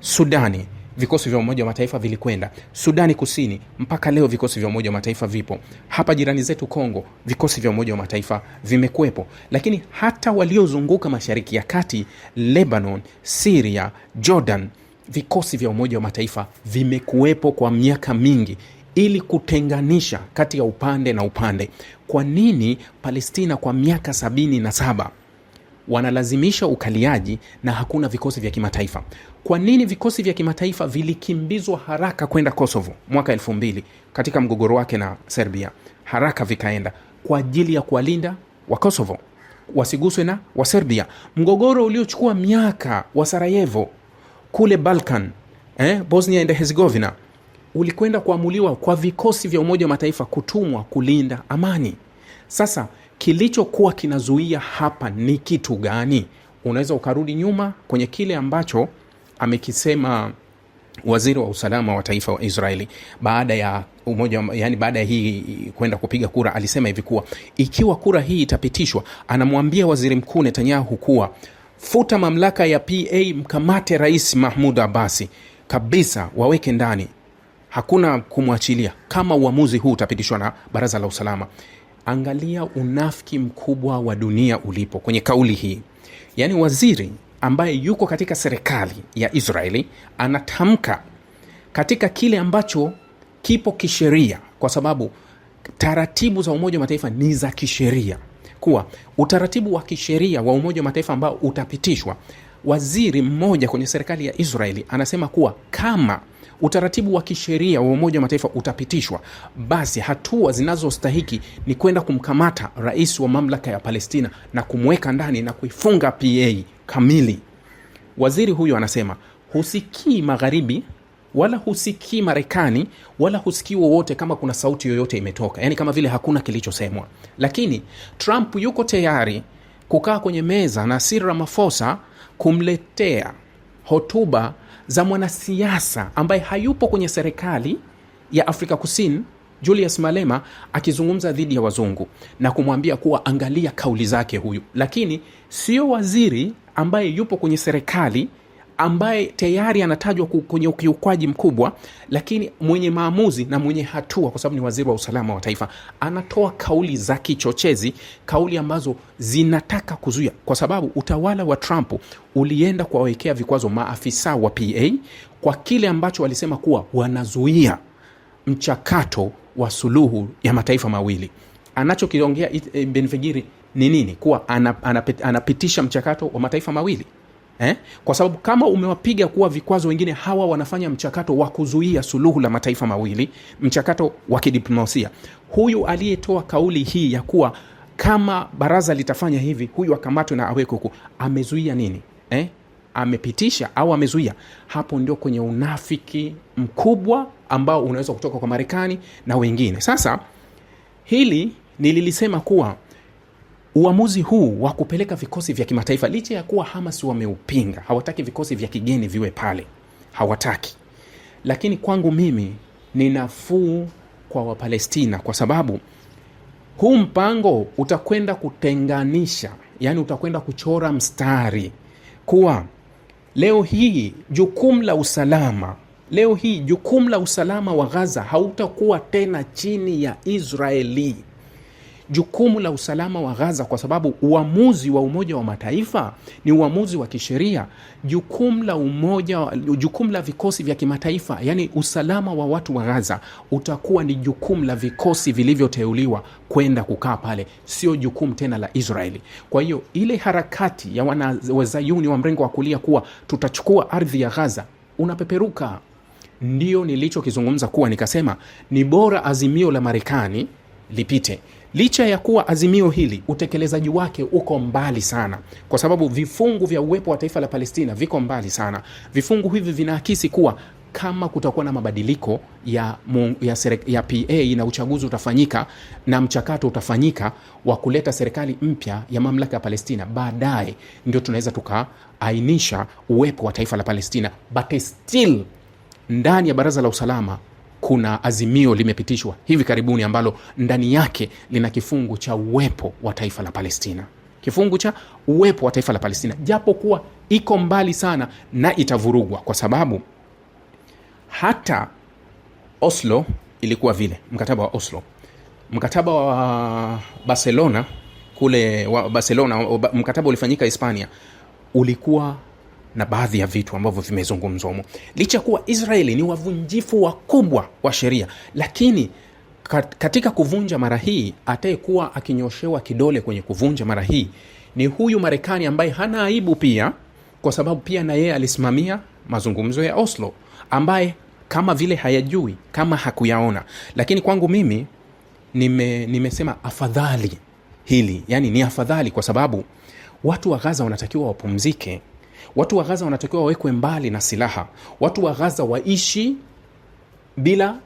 Sudani vikosi vya Umoja wa Mataifa vilikwenda Sudani Kusini, mpaka leo vikosi vya Umoja wa Mataifa vipo hapa. Jirani zetu Kongo, vikosi vya Umoja wa Mataifa vimekuwepo, lakini hata waliozunguka Mashariki ya Kati, Lebanon, Siria, Jordan, vikosi vya Umoja wa Mataifa vimekuwepo kwa miaka mingi ili kutenganisha kati ya upande na upande. Kwa nini Palestina kwa miaka sabini na saba wanalazimisha ukaliaji na hakuna vikosi vya kimataifa? Kwa nini vikosi vya kimataifa vilikimbizwa haraka kwenda Kosovo mwaka elfu mbili katika mgogoro wake na Serbia? Haraka vikaenda kwa ajili ya kuwalinda wa Kosovo wasiguswe na wa Serbia, mgogoro uliochukua miaka wa Sarajevo kule Balkan, eh, Bosnia and Herzegovina ulikwenda kuamuliwa kwa vikosi vya Umoja wa Mataifa kutumwa kulinda amani. Sasa kilichokuwa kinazuia hapa ni kitu gani? Unaweza ukarudi nyuma kwenye kile ambacho amekisema waziri wa usalama wa taifa wa Israeli baada ya umoja, yani baada ya hii kwenda kupiga kura, alisema hivi kuwa ikiwa kura hii itapitishwa, anamwambia waziri mkuu Netanyahu kuwa futa mamlaka ya PA, mkamate rais Mahmud abasi kabisa, waweke ndani, hakuna kumwachilia kama uamuzi huu utapitishwa na baraza la usalama. Angalia unafiki mkubwa wa dunia ulipo kwenye kauli hii. Yani waziri ambaye yuko katika serikali ya Israeli anatamka katika kile ambacho kipo kisheria, kwa sababu taratibu za Umoja wa Mataifa ni za kisheria, kuwa utaratibu wa kisheria wa Umoja wa Mataifa ambao utapitishwa, waziri mmoja kwenye serikali ya Israeli anasema kuwa kama utaratibu wa kisheria wa Umoja wa Mataifa utapitishwa, basi hatua zinazostahiki ni kwenda kumkamata rais wa mamlaka ya Palestina na kumweka ndani na kuifunga PA kamili. Waziri huyo anasema husikii magharibi wala husikii Marekani wala husikii wowote kama kuna sauti yoyote imetoka, yaani kama vile hakuna kilichosemwa. Lakini Trump yuko tayari kukaa kwenye meza na Cyril Ramaphosa kumletea hotuba za mwanasiasa ambaye hayupo kwenye serikali ya Afrika Kusini Julius Malema akizungumza dhidi ya wazungu na kumwambia kuwa angalia kauli zake huyu, lakini sio waziri ambaye yupo kwenye serikali ambaye tayari anatajwa kwenye ukiukwaji mkubwa, lakini mwenye maamuzi na mwenye hatua, kwa sababu ni waziri wa usalama wa taifa, anatoa kauli za kichochezi, kauli ambazo zinataka kuzuia, kwa sababu utawala wa Trump ulienda kuwawekea vikwazo maafisa wa PA kwa kile ambacho walisema kuwa wanazuia mchakato wa suluhu ya mataifa mawili. Anachokiongea eh, Benvegiri ni nini? Kuwa anapitisha mchakato wa mataifa mawili. Eh? Kwa sababu kama umewapiga kuwa vikwazo, wengine hawa wanafanya mchakato wa kuzuia suluhu la mataifa mawili, mchakato wa kidiplomasia. Huyu aliyetoa kauli hii ya kuwa kama baraza litafanya hivi, huyu akamatwe na awekwe huko, amezuia nini eh? Amepitisha au amezuia? Hapo ndio kwenye unafiki mkubwa ambao unaweza kutoka kwa Marekani na wengine. Sasa hili nililisema kuwa Uamuzi huu wa kupeleka vikosi vya kimataifa, licha ya kuwa Hamas wameupinga, hawataki vikosi vya kigeni viwe pale, hawataki, lakini kwangu mimi ni nafuu kwa Wapalestina kwa sababu huu mpango utakwenda kutenganisha, yani utakwenda kuchora mstari kuwa leo hii jukumu la usalama leo hii jukumu la usalama wa ghaza hautakuwa tena chini ya Israeli jukumu la usalama wa Gaza, kwa sababu uamuzi wa Umoja wa Mataifa ni uamuzi wa kisheria. Jukumu la umoja, jukumu la vikosi vya kimataifa, yani usalama wa watu wa Gaza utakuwa ni jukumu la vikosi vilivyoteuliwa kwenda kukaa pale, sio jukumu tena la Israeli. Kwa hiyo ile harakati ya wana wazayuni wa mrengo wa kulia kuwa tutachukua ardhi ya Gaza unapeperuka. Ndio nilichokizungumza kuwa nikasema ni bora azimio la Marekani lipite Licha ya kuwa azimio hili utekelezaji wake uko mbali sana, kwa sababu vifungu vya uwepo wa taifa la Palestina viko mbali sana. Vifungu hivi vinaakisi kuwa kama kutakuwa na mabadiliko ya, ya, ya PA na uchaguzi utafanyika na mchakato utafanyika wa kuleta serikali mpya ya mamlaka ya Palestina, baadaye ndio tunaweza tukaainisha uwepo wa taifa la Palestina, but still ndani ya Baraza la Usalama kuna azimio limepitishwa hivi karibuni ambalo ndani yake lina kifungu cha uwepo wa taifa la Palestina, kifungu cha uwepo wa taifa la Palestina, japo kuwa iko mbali sana na itavurugwa, kwa sababu hata Oslo ilikuwa vile, mkataba wa Oslo, mkataba wa Barcelona kule wa Barcelona, mkataba ulifanyika Hispania ulikuwa na baadhi ya vitu ambavyo vimezungumzwa humo. Licha kuwa Israeli ni wavunjifu wakubwa wa sheria, lakini katika kuvunja mara hii, atayekuwa akinyoshewa kidole kwenye kuvunja mara hii ni huyu Marekani ambaye hana aibu pia, kwa sababu pia na yeye alisimamia mazungumzo ya Oslo, ambaye kama vile hayajui kama hakuyaona. Lakini kwangu mimi nime, nimesema afadhali hili, yani ni afadhali, kwa sababu watu wa Gaza wanatakiwa wapumzike. Watu wa Gaza wanatakiwa wawekwe mbali na silaha, watu wa Gaza waishi bila.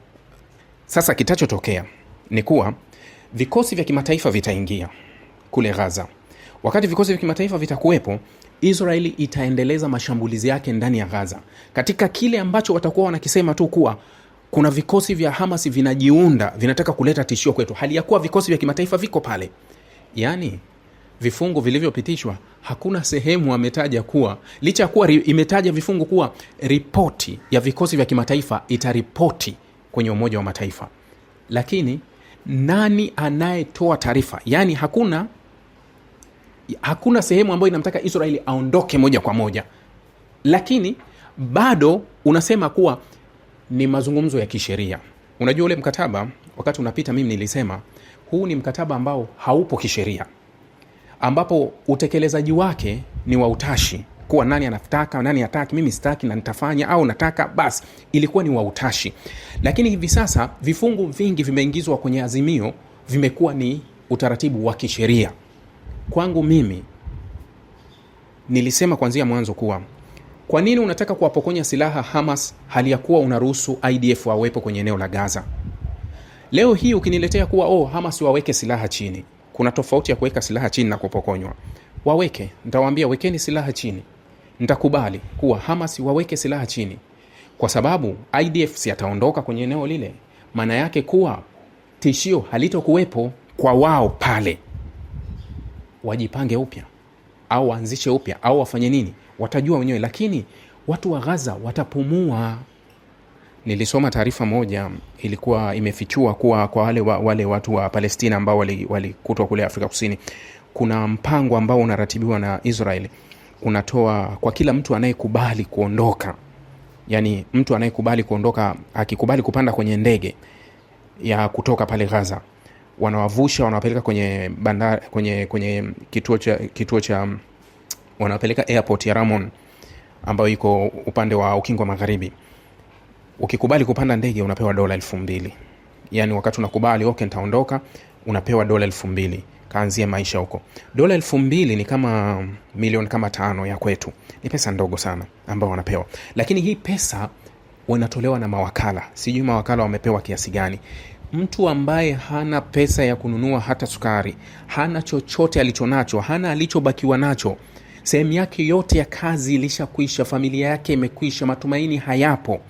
Sasa kitachotokea ni kuwa vikosi vya kimataifa vitaingia kule Gaza. Wakati vikosi vya kimataifa vitakuwepo, Israeli itaendeleza mashambulizi yake ndani ya Gaza katika kile ambacho watakuwa wanakisema tu kuwa kuna vikosi vya Hamas vinajiunda, vinataka kuleta tishio kwetu, hali ya kuwa vikosi vya kimataifa viko pale, Yani vifungu vilivyopitishwa hakuna sehemu ametaja kuwa licha ya kuwa imetaja vifungu kuwa ripoti ya vikosi vya kimataifa itaripoti kwenye umoja wa mataifa lakini nani anayetoa taarifa yaani hakuna hakuna sehemu ambayo inamtaka israeli aondoke moja kwa moja lakini bado unasema kuwa ni mazungumzo ya kisheria unajua ule mkataba wakati unapita mimi nilisema huu ni mkataba ambao haupo kisheria ambapo utekelezaji wake ni wa utashi kuwa nani anataka nani hataki, mimi sitaki na nitafanya au nataka, basi ilikuwa ni wa utashi. Lakini hivi sasa vifungu vingi vimeingizwa kwenye azimio, vimekuwa ni utaratibu wa kisheria. Kwangu mimi, nilisema kwanzia mwanzo kuwa kwa nini unataka kuwapokonya silaha Hamas hali ya kuwa unaruhusu IDF wawepo kwenye eneo la Gaza? Leo hii ukiniletea kuwa oh, Hamas waweke silaha chini kuna tofauti ya kuweka silaha chini na kupokonywa. Waweke, ntawaambia wekeni silaha chini, ntakubali kuwa Hamas waweke silaha chini, kwa sababu IDF si ataondoka kwenye eneo lile, maana yake kuwa tishio halitokuwepo kwa wao pale. Wajipange upya au waanzishe upya au wafanye nini, watajua wenyewe, lakini watu wa ghaza watapumua. Nilisoma taarifa moja ilikuwa imefichua kuwa kwa wale, wa, wale watu wa Palestina ambao walikutwa wali kule Afrika Kusini, kuna mpango ambao unaratibiwa na Israel unatoa kwa kila mtu anayekubali kuondoka, yani mtu anayekubali kuondoka, akikubali kupanda kwenye ndege ya kutoka pale Gaza, wanawavusha wanawapeleka kwenye banda, kwenye, kwenye kituo cha, kituo cha wanawapeleka airport ya Ramon ambayo iko upande wa ukingo magharibi ukikubali kupanda ndege unapewa dola elfu mbili yani wakati unakubali ok ntaondoka unapewa dola elfu mbili kaanzie maisha huko dola elfu mbili ni kama milioni kama tano ya kwetu ni pesa ndogo sana ambao wanapewa lakini hii pesa wanatolewa na mawakala sijui mawakala wamepewa kiasi gani mtu ambaye hana pesa ya kununua hata sukari hana chochote alichonacho hana alichobakiwa nacho sehemu yake yote ya kazi ilishakwisha familia yake imekwisha matumaini hayapo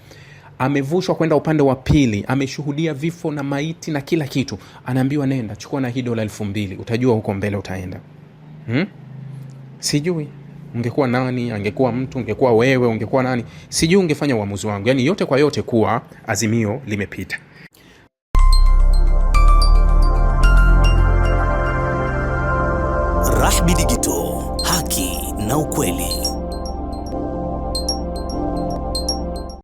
amevushwa kwenda upande wa pili, ameshuhudia vifo na maiti na kila kitu, anaambiwa nenda chukua na hii dola elfu mbili utajua huko mbele utaenda hmm? Sijui ungekuwa nani, angekuwa mtu, ungekuwa wewe, ungekuwa nani, sijui ungefanya uamuzi wangu. Yani yote kwa yote, kuwa azimio limepita. Rahby Digital, haki na ukweli.